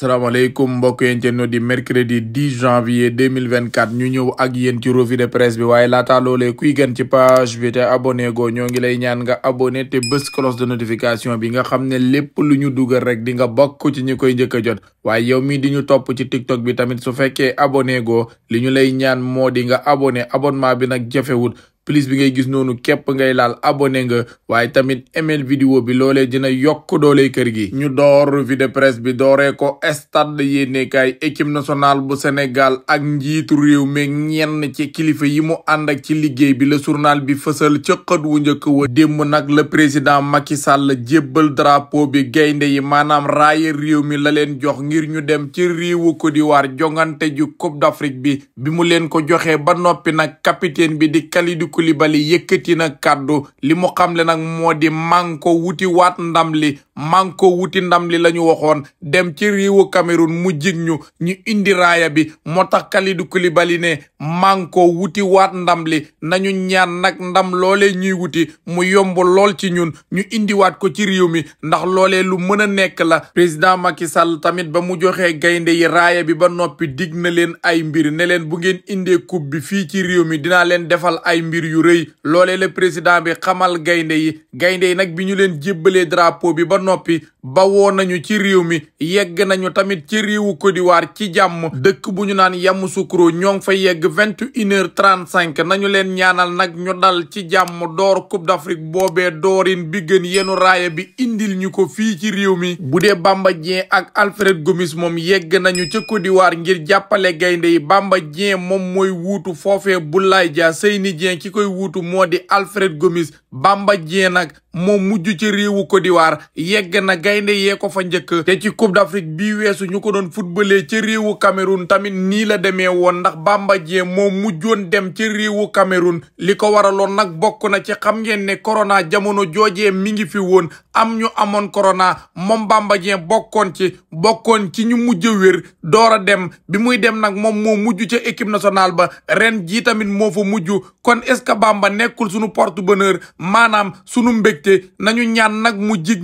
salaamaaleykum mbokk yéen ca di mercredi 10 janvier 2024 ñu ñëw ak yéen ci revue de presse bi waaye laata loolee kuy gën ci page bi te abonné go ñoo ngi lay ñaan nga abonné te bés cloche de notification bi nga xam ne lépp lu ñu dugal rek di nga bokk ci ñi koy njëkk a jot waaye yow mi di ñu topp ci tiktok bi tamit su fekkee abonné go li ñu lay ñaan moo di nga abonné abonnement bi nag jafewut plus bi ngay gis noonu képp ngay laal abonné nga waaye tamit email vidéo bi loolee dina yokk doole kër gi ñu door revue de presse bi dooree ko stade yéenekaay équipe national bu Sénégal ak njiitu réew mi ñenn ci kilifa yi mu ànd ak ci liggéey bi la surnal bi fësal ca xët wu njëkk wa démb nag la président Macky Sall jébbal drapeau bi gaynde yi maanaam raaye réew mi la leen jox ngir ñu dem ci réewu Côte d'Ivoire jongante ju Coupe d'Afrique bi bi mu leen ko bi Koulibaly yëkkati na kàddu li mu xamle nag moo di man ko wuti waat ndam li manko wuti ndam li la ñu waxoon dem ci réewu Cameroun mu jig ñu ñu indi raaya bi moo tax Kalidou Koulibaly ne manko wuti waat ndam li nañu ñaan nag ndam loolee ñuy wuti mu yomb lool ci ñun ñu indiwaat ko ci réew mi ndax loolee lu mën a nekk la président Macky Sall tamit ba mu joxee gaynde yi raaya bi ba noppi dig na leen ay mbir ne leen bu ngeen indee coupe bi fii ci réew mi dinaa leen defal ay mbir yu rëy loolee le président bi xamal gaynde yi gaynde yi nag bi ñu leen jébbalee drapeau bi ba noppi bawoo nañu ci réew mi yegg nañu tamit ci réewu Côte ci jàmm dëkk bu ñu naan Yamoussoukro ñoo ngi fa yegg vingt et une heures nañu leen ñaanal nag ñu dal ci jàmm door Coupe d'Afrique boobee doorin bi gën yenu raaya bi indil ñu ko fii ci réew mi bu dee Bamba Dieng ak Alfred Gomis moom yegg nañu ci kodiwaar ngir jàppale gaynde yi Bamba Dieng moom mooy wuutu foofee Boulaye Dia Seyni Dieng ci koy wuutu moo di Alfred Gomis Bamba Dieng nag moo mujj ci réewu Côte yegg na gaynde yee ko fa njëkk te ci coupe d'Afrique bii weesu ñu ko doon footballee ci réewu Cameroun tamit nii la demee woon ndax Bamba Dieng moo mujjoon dem ci réewu Cameroun li ko waraloon nag bokk na ci xam ngeen ne corona jamono joojee mi ngi fi woon am ñu amoon corona moom Bamba Dieng bokkoon ci bokkoon ci ñu mujj wér door a dem bi muy dem nag moom moo mujj ca équipe nationale ba ren jii tamit moo fa mujj kon est-ce que Bamba nekkul sunu porte-bonheur maanaam sunu mbégte nañu ñaan nag mu jig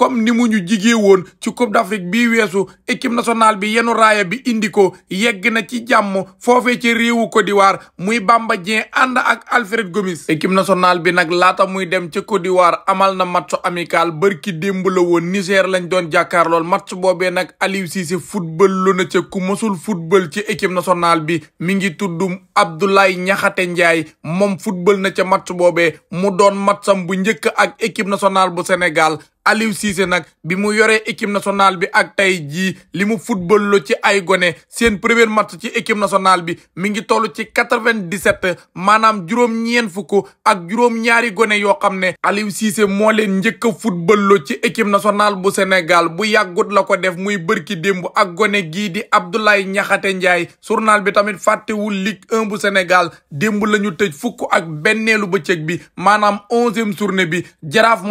comme ni mu ñu jigee woon ci coupe d'Afrique bi weesu équipe nationale bi yenu bi indi ko yegg na ci jàmm foofee ci réewu Côte muy Bamba Dieng ànd ak Alfred Gomis équipe nationale bi nag laata muy dem ca Côte d'Ivoire amal na match amical bërki démb la woon Niger doon jàkkaarlool match boobee nag Aliou Cissé football lu na ca ku mësul football ci équipe national bi mi ngi tudd Abdoulaye ñaxate Ndiaye moom football na ca match boobee mu doon matcham bu njëkk ak équipe nationale bu Sénégal Aliou Cissé nag bi mu yoree équipe national bi ak tey jii li mu football lo ci ay gone seen premier match ci équipe nationale bi mi ngi toll ci quatre-vingt-dix-sept maanaam juróom-ñeent fukk ak juróom-ñaari gone yoo xam ne Aliou Cissé moo leen njëkk a football ci équipe national bu Sénégal bu yàggut la ko def muy bërki démb ak gone gii di Abdoulaye Niakhate Ndiaye journal bi tamit fàttewul Ligue 1 bu Sénégal démb lañu ñu tëj fukk ak benneelu bëccëg bi maanaam onzième journée bi jaraaf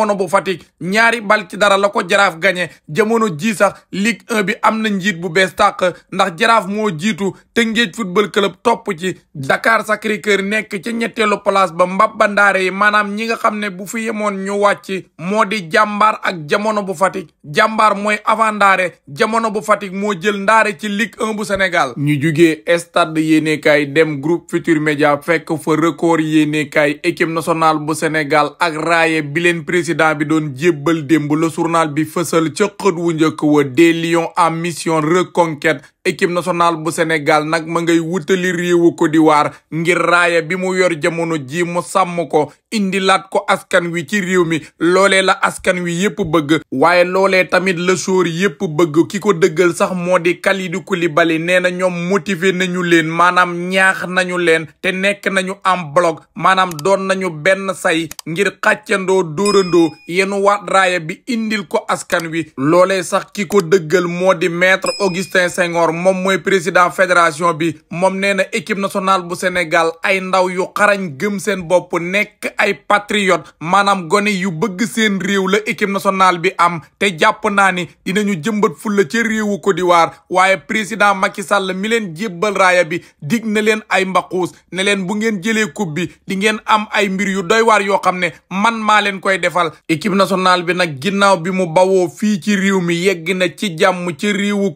jamono bu Fatick ñaari bal ci dara la ko jaraaf gagné jamono ji sax Ligue 1 bi am na njiit bu bees tàq ndax jaraaf moo jiitu Tëngéej football club topp ci Dakar Sacré-Cœur nekk ci ñetteelu place ba mbabba ndaare yi maanaam ñi nga xam ne bu fi yemoon ñu wàcc moo di jàmbaar ak jamono bu Fatick jàmbaar mooy avant ndaare jamono bu Fatick moo jël ndaare ci Ligue 1 bu Sénégal ñu jugee stade yéenekaay dem groupe Futurs Médias fekk fa record yéenekaay équipe nationale bu Sénégal ak raaye bi leen président bi doon jébbal démb la journal bi fësal ca xët wu njëkk wa des lions mission mission reconquête équipe national bu Sénégal nag ma ngay wutali réewu Côte d'Ivoire ngir raaya bi mu yor jamono ji mu sàmm ko indilaat ko askan wi ci réew mi loole la askan wi yépp bëgg waaye loolee tamit la sóor yépp bëgg ki ko dëggal sax moo di Kalidou Koulibaly nee na ñoom motiver nañu leen maanaam ñaax nañu leen te nekk nañu am bloc maanaam doon nañu benn say ngir xàccandoo dóorandoo yenu waat raaya bi indil ko askan wi loole sax ki ko dëggal moo di maître Augustin Senghor Senghor moom mooy président fédération bi moom nee na équipe nationale bu Sénégal ay ndaw yu xarañ gëm seen bopp nekk ay patriote maanaam gone yu bëgg seen réew la équipe nationale bi am te jàpp naa ni dinañu jëmbat fulla ca réewu Côte d'Ivoire waaye président Macky Sall mi leen jébbal raaya bi dig na leen ay mbaquus ne leen bu ngeen jëlee coupe bi di ngeen am ay mbir yu doy waar yoo xam ne man maa leen koy defal équipe nationale bi nag ginnaaw bi mu bawoo fii ci mi yegg na ci jàmm ci réewu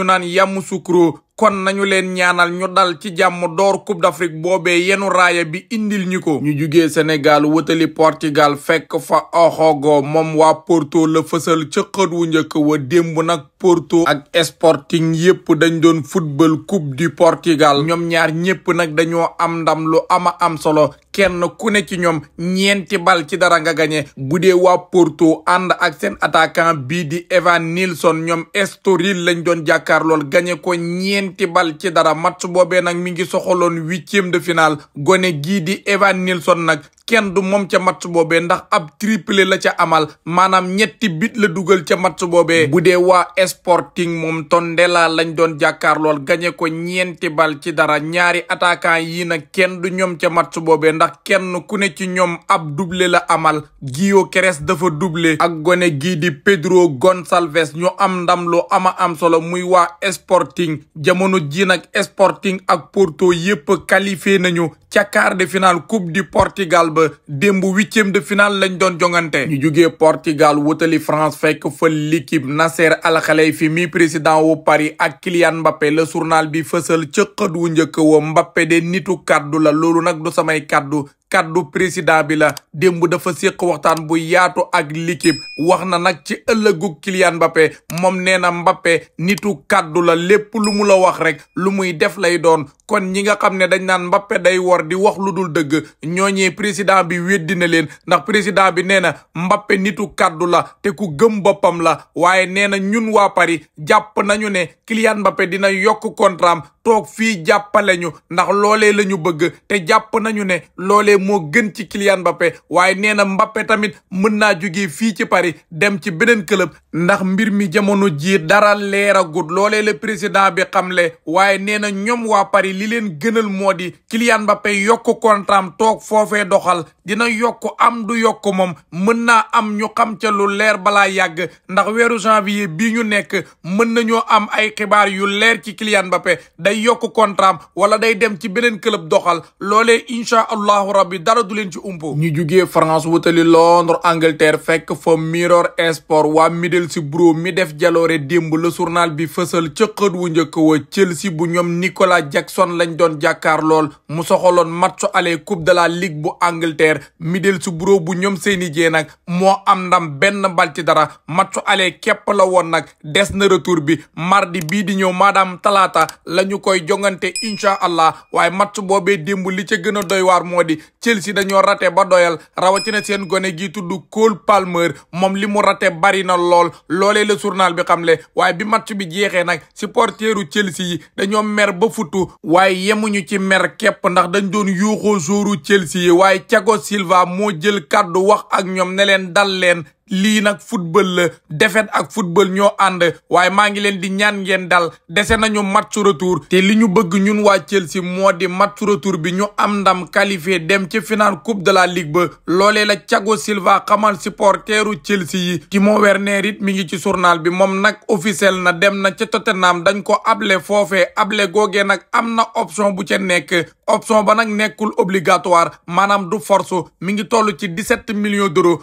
ñu naan Yamoussoukro kon nañu leen ñaanal ñu dal ci jàmm door coupe d'Afrique boobee yenu raaya bi indil ñu ko ñu jugee Sénégal wëtali Portugal fekk fa oxogo moom waa Porto la fësal ca wu njëkk wa démb nag Porto ak Sporting yépp dañ doon football coupe du Portugal ñoom ñaar ñépp nag dañoo am ndam lu ama am solo kenn ku ne ci ñoom ñeenti bal ci dara nga gañe bu dee waa Porto ànd ak seen attaquant bii di Evan Nilsson ñoom Estoril lañ doon jàkkaar lool gagné ko ñeenti bal ci dara match boobee nag mi ngi soxaloon huitième de final gone gii di Evan Nilsson nag kenn du moom ca match boobee ndax ab triplé la ca amal maanaam ñetti bit la dugal ca match boobee bu dee waa Sporting moom Tondela lañ doon jàkkaarlool gañe ko ñeenti bal ci dara ñaari attaquant yi nag kenn du ñoom ca match boobee ndax kenn ku ne ci ñoom ab duble la amal Guillaume Keres dafa doublé ak gone gii di Pedro Gonçalves ñu am ndam lu ama am solo muy waa Sporting jamono ji nag Sporting ak Porto yépp na nañu ca quart de finale coupe du Portugal ba démb huitième de finale lañ doon jongante ñu jugee Portugal wutali France fekk fa l'équipe Nasser Al Khelaifi mi président wu Paris ak Kylian Mbappé le journal bi fësal ca xët wu njëkk wa Mbappé de nitu kaddu la loolu nag du samay kaddu kaddu président bi la démb dafa séq waxtaan bu yaatu ak l'équipe wax na nag ci ëllëgu Kylian Mbappé moom nee na Mbappé nitu kaddu la lépp lu mu la wax rek lu muy def lay doon kon ñi nga xam ne dañ naan Mbappé day wor di wax lu dul dëgg ñooñee président bi weddina leen ndax président bi nee na Mbappé nitu kaddu la teku ku gëm boppam la waaye nee na ñun waa Paris jàpp nañu ne Kylian Mbappé dina yokk kontraam toog fii jàppale ñu ndax loolee la ñu bëgg te jàpp nañu ne loolee moo gën ci Kylian Mbappé waaye nee na Mbappé tamit mën naa jógee fii ci Paris dem ci beneen club ndax mbir mi jamono ji dara leeragut loolee le président bi xamle waaye nee na ñoom waa Paris li leen gënal moo di Kylian Mbappé yokk toog foofe doxal dina yokk am du yokk moom mën naa am ñu xam ca lu leer balaa yàgg ndax weeru janvier bi ñu nekk mën nañoo am ay xibaar yu leer ci Kylian Mbappé day yokk contraam wala day dem ci beneen club doxal loolee incha allahu rabbi dara du leen ci umpo ñu jugee France wutali Londres Angleterre fekk fa Mirror Sport waa Middlesbrough mi def jaloore démb la journal bi fësal ca xët wu njëkk wa Chelsea bu ñoom Nicolas Jackson lañ doon jàkkaar lool mu loon match aller coupe de la ligue bu Angleterre Middlesbrough bu ñoom seeni jee nag moo am ndam benn bal dara match aller képp la woon nag des na retour bi mardi koy jongante incha allah waaye match boobee démb li ca gën a doy waar moo di Chelsea dañoo rate ba doyal rawatina seen gone gi tudd Cole Palmer moom li mu rate bari na lool loolee surnal journal bi le waaye bi match bi jeexee nag supporteru Chelsea yi dañoo mer ba futu waaye yemuñu ci mer képp ndax dañ doon yuuxoo joueuru Chelsea yi waaye Thiago Silva moo jël kàddu wax ak ñoom ne leen dal leen lii nag football la defet ak football ñoo ànd waaye maa ngi leen di ñaan ngeen dal dese nañu match retour te li ñu bëgg ñun waa Chelsea moo di match retour bi ñu am ndam qualifié dem ci final coupe de la ligue ba loolee la Thiago Silva xamal supporteru Chelsea yi Timo Werner it mi ngi ci journal bi moom nag officiel na dem na ca naam dañ ko able foofee able googee nag am na option bu ci nekk option ba nag nekkul obligatoire maanaam du force mi ngi toll ci dix-sept millions d'euros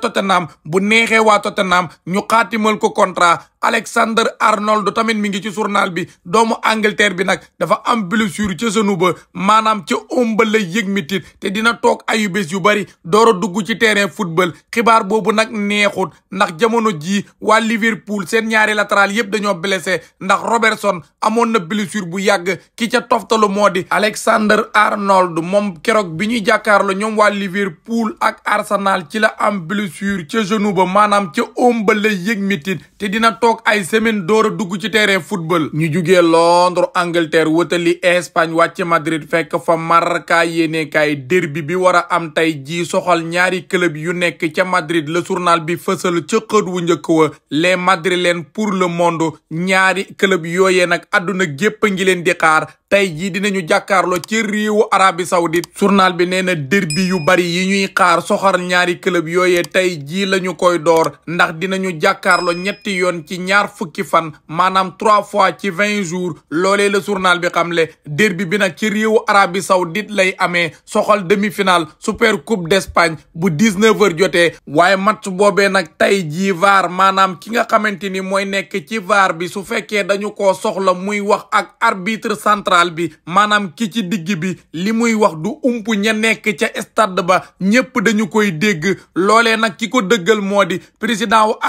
Tottenham bu neexee waa Tottenham ñu xaatimal ko contrat Alexander Arnold tamit mi ngi ci journal bi doomu Angleterre bi nag dafa am blessure ca senu ba maanaam ca omba la yëg mitit te dina toog ayu bés yu bari doora dugg ci terrain football xibaar boobu nag neexut ndax jamono jii waa Liverpool seen ñaari latéral yépp dañoo blessé ndax Robertson amoon na blessure bu yàgg ki ca toftalu moo di Alexander Arnold moom keroog bi ñuy jàkkaarloo ñoom waa Liverpool ak Arsenal blessure ca genou ba maanaam ca oom ba lay te dina toog ay semaine door a dugg ci terrain football ñu jugee Londres Angleterre wëtali Espagne wàcc Madrid fekk fa marka yéenekaay derbi bi war a am tey jii soxal ñaari club yu nekk ca Madrid la journal bi fësal ca xët wu njëkk wa les madrilènes pour le monde ñaari club yooyee nag àdduna gépp ngi leen di xaar tey jii dinañu jàkkaarloo ci réewu Arabie Saoudite journal bi nee na derbi yu bari yi ñuy xaar soxal ñaari club yooyee tey jii la ñu koy door ndax dinañu jàkkaarloo ñetti yoon ci ñaar fukki fan maanaam trois fois ci vingt jours loole la sournal bi xam le derbi bi nag ci réewu Arabie Saoudite lay amee soxal demi-finale super coupe d'Espagne bu dix-neuf heures jotee waaye match boobee nag tey jii VAR maanaam ki nga xamante ni mooy nekk ci VAR bi su fekkee dañu ko soxla muy wax ak arbitre central bi maanaam ki ci digg bi li muy wax du ump ña nekk ca stade ba ñépp dañu koy dégg loolee nag ki ko dëggal moo di président wu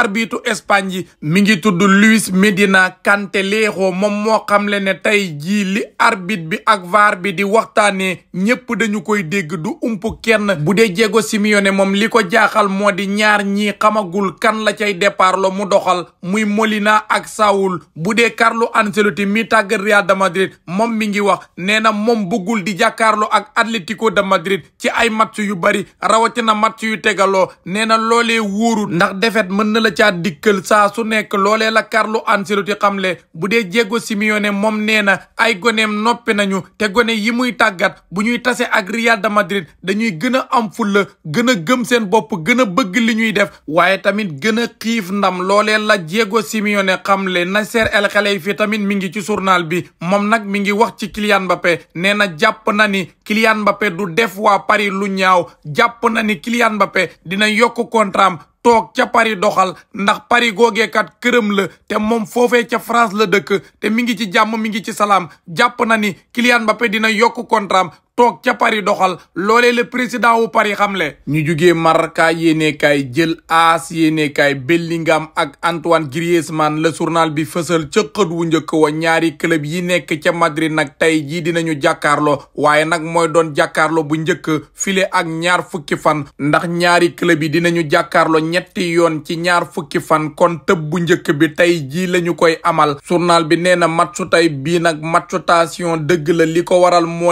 Espagne mi ngi tudd Luis Medina Cantalejo moom moo xamle ne tey jii li arbitre bi ak VAR bi di waxtaanee ñépp dañu koy dégg du ump kenn bu dee Diego Simeone moom li ko jaaxal moo di ñaar ñii xamagul kan la cay départ mu doxal muy Molina ak sawul bu dee Carlo Ancelotti mi tàggat Real de Madrid moom mi ngi wax nee na moom bëggul di jàkkaarloo ak Atlético de Madrid ci ay match yu bari rawatina match yu tegaloo nee nee na loolee wóorut ndax defet mën na la caa dikkal saa su nekk loolee la Carlo Ancelotti xamle bu dee Diego Simeone moom nee na ay goneem noppi nañu te gone yi muy tàggat bu ñuy tasee ak Real de Madrid dañuy gën a am fulla gën a gëm seen bopp gën a bëgg li ñuy def waaye tamit gën a xiif ndam loolee la Diego Simeone xamle Nasser El Khelaïfi tamit mi ngi ci journal bi moom nag mi ngi wax ci Kylian Mbappé nee na jàpp na ni Kylian Mbappé du def waa Paris lu ñaaw jàpp na ni Kylian Mbappé yokk kontraam toog ca pari doxal ndax pari googeekat këram la te moom foofee ca France la dëkk te mi ngi ci jàmm mi ngi ci salaam jàpp na ni Kylian Mbappé dina yokk kontraam toog ca Paris doxal loole le président wu Paris xamle ñu jugee Marca yéenekaay jël AS yéenekaay Bellingham ak Antoine Griezmann le journal bi fësal ca wu njëkk wa ñaari club yi nekk ca Madrid nag tey jii dinañu jàkkaarloo waaye nag mooy doon jàkkaarloo bu njëkk file ak ñaar fukki fan ndax ñaari club yi dinañu jàkkaarloo ñetti yoon ci ñaar fukki fan kon tëb bu njëkk bi tey jii lañu koy amal sournal bi nee na matchu tey bii nag matchu dëgg la li ko waral moo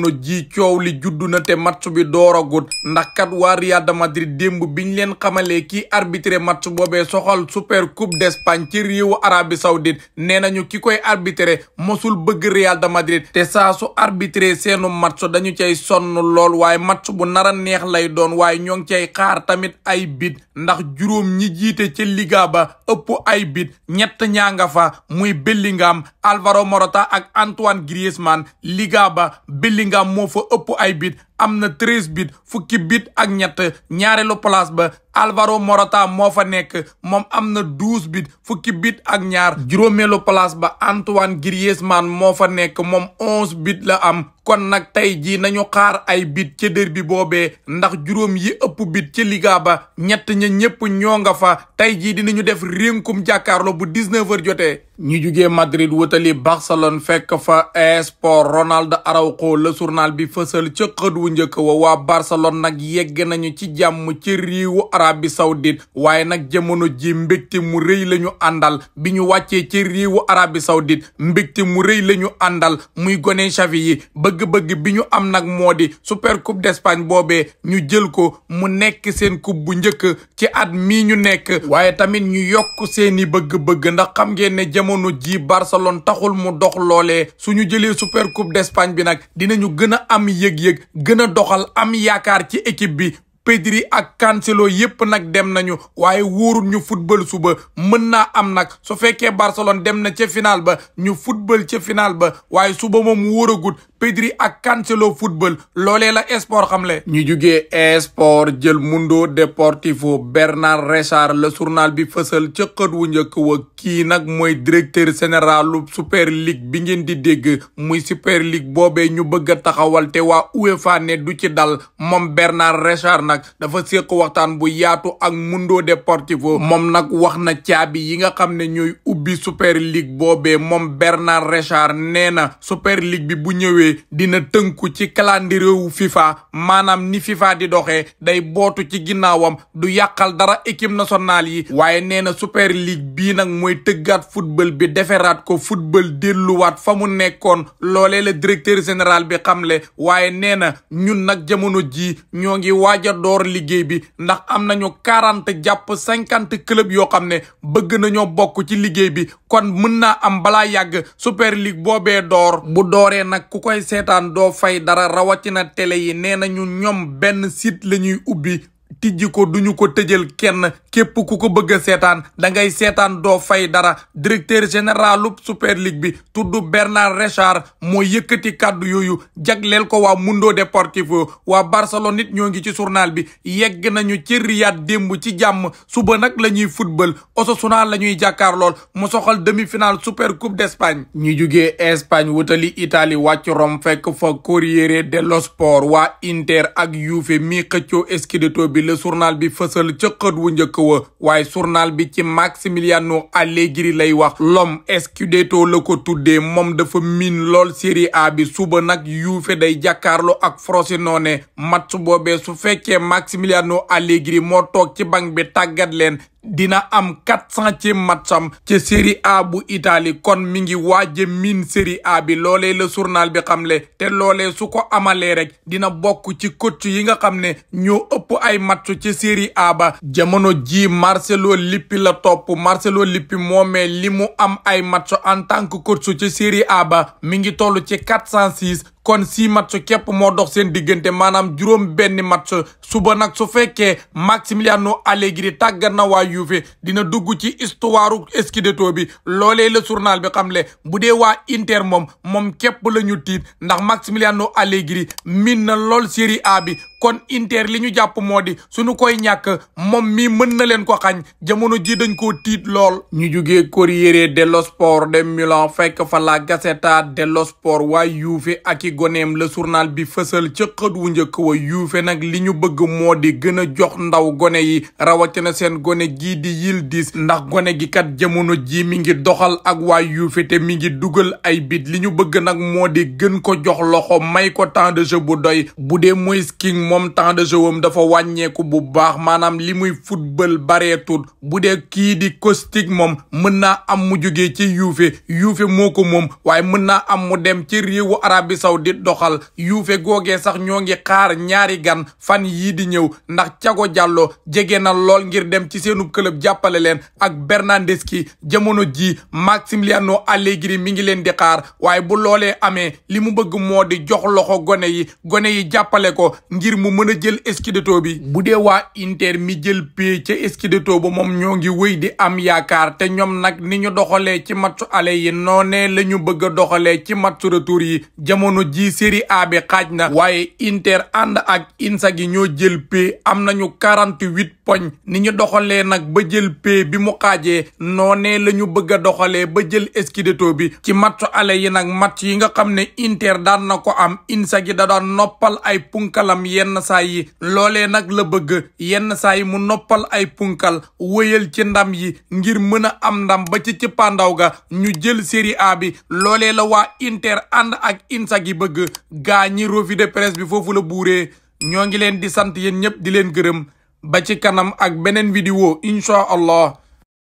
jamono ji coow li juddu na te match bi dooragut ndax kat waa Real de Madrid démb biñ leen xamalee kii arbitré match boobee soxal super coupe d'Espagne ci réewu Arabie saoudite nee nañu ki koy arbitré mosul bëgg Real de Madrid te saa su arbitré seenu match dañu cay sonn lool waaye match bu nara neex lay doon waaye ñoo ngi cay xaar tamit ay bit ndax juróom ñi jiite ca liga ba ëpp ay bit ñett ñaa muy Bellingham Alvaro Morata ak Antoine Griezmann liga ba Bellingham moo fa ëpp ay bit am na treize bit fukki bit ak ñett ñaareelu place ba Alvaro Morata moo fa nekk moom am na douze bit fukki bit ak ñaar juróomeelu place ba Antoine Griezmann moo fa nekk moom onze bit la am kon nag tey jii nañu xaar ay bit ca derbi boobee ndax juróom yi ëpp bit ci liga ba ñett ña ñëpp ñoo nga fa tey jii dinañu def rénkum jàkkaarloo bu 19 heures jotee ñu jugee Madrid wutali Barcelone fekk fa esport Ronald Araujo la journal bi fësal ca xët njëkk wa waa Barcelone nag yegg nañu ci jàmm ci réewu Arabie Saoudite waaye nag jamono ji mbégte mu rëy la ñu àndal bi ñu wàccee ci réewu Arabie Saoudite mbégte mu rëy lañu ñu àndal muy gone Xavi yi bëgg-bëgg bi ñu am nag moo di super coupe d'Espagne boobee ñu jël ko mu nekk seen coupe bu njëkk ci at mi ñu nekk waaye tamit ñu yokk seeni bëgg-bëgg ndax xam ngeen ne jamono ji Barcelone taxul mu dox loole su suñu jëlee super coupe d'Espagne bi nag dinañu gën a am yëg-yëg gën a doxal am yaakaar ci équipe bi Pedri ak Cancelo yépp nag dem nañu waaye wóorul ñu football suba mën naa am nag su fekkee Barcelone dem na ca final ba ñu football ca final ba waaye suba moom wóoragut Pedri ak Cancelo football loolee la esport xamle. ñu jugee esport jël Mundo Deportivo Bernard Richard le journal bi fësal ca wu njëkk wa kii nag mooy directeur généralu super league bi ngeen di dégg muy super boobee ñu bëgg a taxawal te waa UEFA ne du ci dal moom Bernard Richard nag dafa séq waxtaan bu yaatu ak Mundo Deportivo moom nag wax na caabi yi nga xam ne ñooy ubbi super league boobee moom Bernard Richard nee na super league bi bu ñëwee. bi dina tënku ci calendrier wu FIFA maanaam ni FIFA di doxee day bootu ci ginnaawam du yàqal dara équipe nationale yi waaye nee na super league bii nag mooy tëggaat football bi deferaat ko football delluwaat fa mu nekkoon loolee directeur général bi xamle waaye nee na ñun nag jamono jii ñoo ngi waaj a door liggéey bi ndax am nañu quarante jàpp cinquante club yoo xam ne bëgg nañoo bokk ci liggéey bi kon mën naa am balaa yàgg super league boobee door bu dooree nag ku koy seetaan doo fay dara rawatina tele yi nee nañu ñoom benn site la ñuy ubbi tijji ko duñu ko tëjal kenn képp ku ko bëgg seetaan da ngay seetaan doo fay dara directeur général super ligue bi tudd Bernard Richard moo yëkkati kàddu yooyu jagleel ko waa Mundo Deportivo waa Barcelone nit ñoo ngi ci surnal bi yegg nañu ci Riyad démb ci jàmm suba nag la ñuy football Osasuna la ñuy jàkkaar lool mu soxal demi-finale super coupe d'Espagne ñu jugee Espagne wutali Italie wàcc Rome fekk fa Corriere dello Sport waa Inter ak Juve mi xëccoo bi la bi fësal ca wu njëkk wa waaye journal bi ci Maximiliano Allegri lay wax l'homme scudetto la ko tuddee moom dafa miin lool Serie A bi suba nag Juve day jàkkaarloo ak Frosinone match boobee su fekkee Maximiliano Allegri moo toog ci banc bi tàggat leen dina am quatre centième matcham ci série A bu Italie kon mi ngi waaje min série A bi loolee la bi bi xamle te loolee su ko amalee rek dina bokk ci coach yi nga xam ne ñoo ëpp ay match ci série A ba jamono ji Marcelo Lippi la topp Marcelo Lippi moomee li mu am ay match en tant que coach ci série aba ba mi ngi toll ci quatre cent six kon si match képp moo dox diggante maanaam juróom benn match suba nag su fekkee Maximiliano Allegri tàggat na waa Juve dina dugg ci histoire scudetto bi loolee la journal bi le bu dee waa Inter moom moom képp la ñu tiit ndax Maximiliano Allegri min na lool Serie A bi kon Inter li ñu jàpp moo di suñu koy ñàkk moom mi mën na leen ko xañ jamono ji dañ koo tiit lool ñu jugee Corriere dello Sport de Milan fekk fa la Gazzetta dello Sport waaye Juve ak gone goneem la surnal bi fësal ca xët wu njëkk wa Juve nag li ñu bëgg moo di gën a jox ndaw gone yi rawatina seen gone gii di Yildiz ndax gone gi kat jamono ji mi ngi doxal ak waa Juve te mi ngi dugal ay bit li ñu bëgg nag moo di gën ko jox loxo may ko temps de jeu bu doy bu dee mooy moom temps de jeu am dafa wàññeeku bu baax maanaam li muy football bareetul bu dee kii di Kostic moom mën naa am mu jógee ci yuufe Juve moo ko moom waaye mën naa am mu dem ci réewu Arabie Saoudite doxal yuufe googee sax ñoo ngi xaar ñaari gan fan yii di ñëw ndax Thiago Diallo jege na lool ngir dem ci seenu club jàppale leen ak Bernardeschi jamono ji Massimiliano Allegri mi ngi leen di xaar waaye bu loolee amee li mu bëgg moo di jox loxo gone yi gone yi jàppale ko ngir mu mën a jël scudetto bi bu dee waa Inter mi jël pie ci scudetto ba moom ñoo ngi wéy di am yaakaar te ñoom nag ni ñu doxalee ci matchu ale yi noonee la ñu bëgg a doxalee ci matchu retour yi jamono ji Serie A xaaj na waaye Inter ànd ak Inzaghi ñoo jël pie am nañu quarante-huit poñ ni ñu doxalee nag ba jël pie bi mu xaajee noonee la ñu bëgg a doxalee ba jël scudetto bi ci matchu ale yi nag match yi nga xam ne Inter daan na ko am Inzaghi da daan noppal ay punkalam yenn yenn saa yi loolee nag la bëgg yenn saa yi mu noppal ay punkal wëyal ci ndam yi ngir mën a am ndam ba ci cëppaandaw ga ñu jël série A bi loole la waa Inter ànd ak INSA gi bëgg gaa ñi de presse bi foofu la buuree ñoo ngi leen di sant yéen ñëpp di leen gërëm ba ci kanam ak beneen woo incha allah